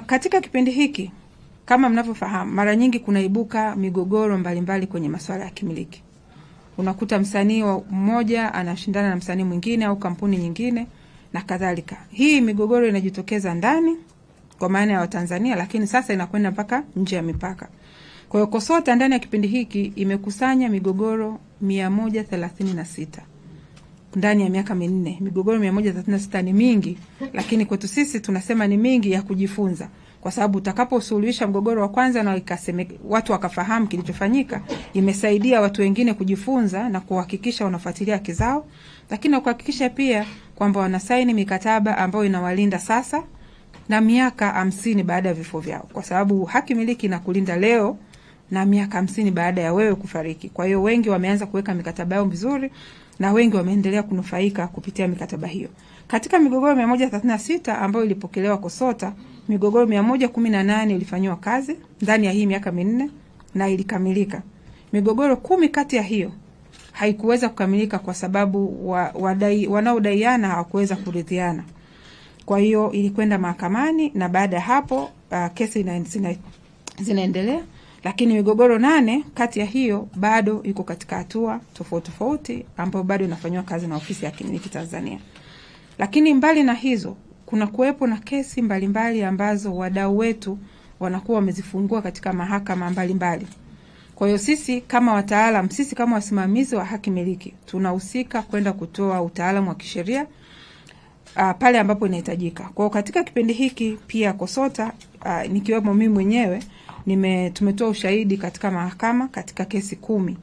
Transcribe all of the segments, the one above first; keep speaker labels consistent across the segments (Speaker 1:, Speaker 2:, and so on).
Speaker 1: katika kipindi hiki kama mnavyofahamu, mara nyingi kunaibuka migogoro mbalimbali mbali kwenye maswala ya kimiliki. Unakuta msanii mmoja anashindana na msanii mwingine au kampuni nyingine na kadhalika. Hii migogoro inajitokeza ndani kwa maana ya Watanzania, lakini sasa inakwenda mpaka nje ya mipaka. Kwa hiyo KOSOTA ndani ya kipindi hiki imekusanya migogoro sita ndani ya miaka minne. Migogoro 136 ni mingi, lakini kwetu sisi tunasema ni mingi ya kujifunza, kwa sababu utakaposuluhisha mgogoro wa kwanza na ikaseme, watu wakafahamu kilichofanyika, imesaidia watu wengine kujifunza na kuhakikisha wanafuatilia haki zao, lakini na kuhakikisha pia kwamba wanasaini mikataba ambayo inawalinda sasa na miaka hamsini baada ya vifo vyao, kwa sababu haki miliki inakulinda leo na miaka hamsini baada ya wewe kufariki. Kwa hiyo wengi wameanza kuweka mikataba yao vizuri na wengi wameendelea kunufaika kupitia mikataba hiyo. Katika migogoro 136 ambayo ilipokelewa KOSOTA, migogoro 118 ilifanyiwa kazi ndani ya hii miaka minne na ilikamilika. Migogoro kumi kati ya hiyo haikuweza kukamilika kwa sababu wa, wadai, wanaodaiana hawakuweza kuridhiana. Kwa hiyo ilikwenda mahakamani na baada ya hapo uh, kesi zinaendelea lakini migogoro nane kati ya hiyo bado iko katika hatua tofauti tofauti ambayo bado inafanyiwa kazi na ofisi ya kliniki Tanzania. Lakini mbali na hizo, kuna kuwepo na kesi mbalimbali mbali ambazo wadau wetu wanakuwa wamezifungua katika mahakama mbalimbali. Kwa hiyo sisi kama wataalam, sisi kama wasimamizi wa haki miliki tunahusika kwenda kutoa utaalamu wa kisheria uh, pale ambapo inahitajika. Kwa hiyo katika kipindi hiki pia KOSOTA uh, nikiwemo mimi mwenyewe nime tumetoa ushahidi katika mahakama katika kesi kumi.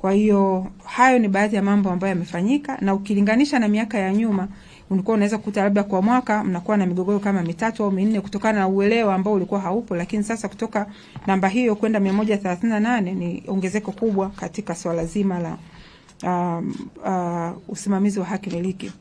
Speaker 1: Kwa hiyo hayo ni baadhi ya mambo ambayo yamefanyika, na ukilinganisha na miaka ya nyuma, ulikuwa unaweza kukuta labda kwa mwaka mnakuwa na migogoro kama mitatu au minne, kutokana na uelewa ambao ulikuwa haupo. Lakini sasa kutoka namba hiyo kwenda 138 ni ongezeko kubwa katika swala zima la um, uh, usimamizi wa haki miliki.